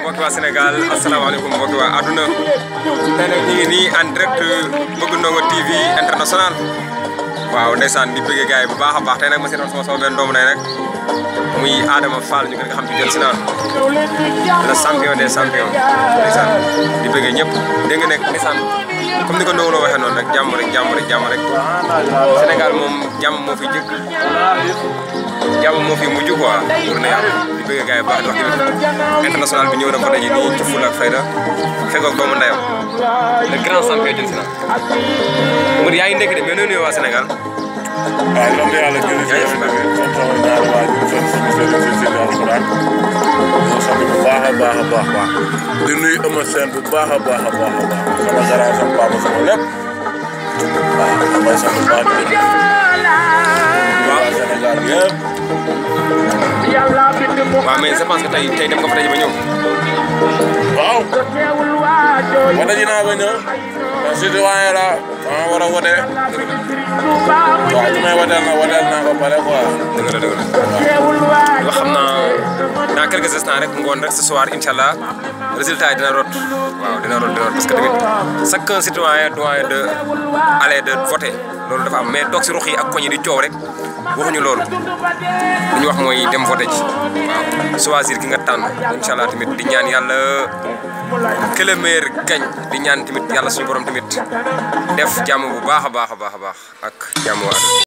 mbokki waa Sénégal asalaamaaleykum mbokki waa àdduna tey nag ñu ngi nii en direct Bëgg Ndongo TV waaw ndeysaan di bëggee gars yi bu baax a baax te nag ma seetoon sama sama benn doomu nay nag muy Adama Fall ñu gën nga xam ci Jelsi naan le champion des champions ndeysaan di bëggee ñëpp dégg nga nekk ndeysaan comme ni ko Ndongo Lo waxee noonu rek jàmm rek jàmm rek jàmm moom jàmm moo fi jëkk jàmm moo fi mujj quoi pour na suñu gaay baax wax international bi ñëw na fa dañu ci ful fayda ndayam le grand champion jël de de ci bu baax baax di nuyu Eumeu Sène bu baax a baax baax sama papa sama baax waaw mais je pense que tey tey dem nga fa daje ba ñëw. waaw. wax dëgg naa ba ñëw. parce que citoyen la dama war a wote. waaw li may woteel na woteel naa ko pare quoi. dëgg la dëgg la. wax xam naa dans quelques instants rek ngoon rek ce soir incha allah résultat yi dina rot waaw parce que tamit chaque citoyen doit de aller de voter loolu dafa am mais toog si ruq yi ak koñ yi di coow rek waxuñu loolu li ñu wax mooy dem voter ji waaw choisir ki nga tànn incha allah tamit di ñaan yàlla que le di ñaan tamit yàlla suñu borom tamit def jàmm bu baax a baax a baax a baax ak jàmm waat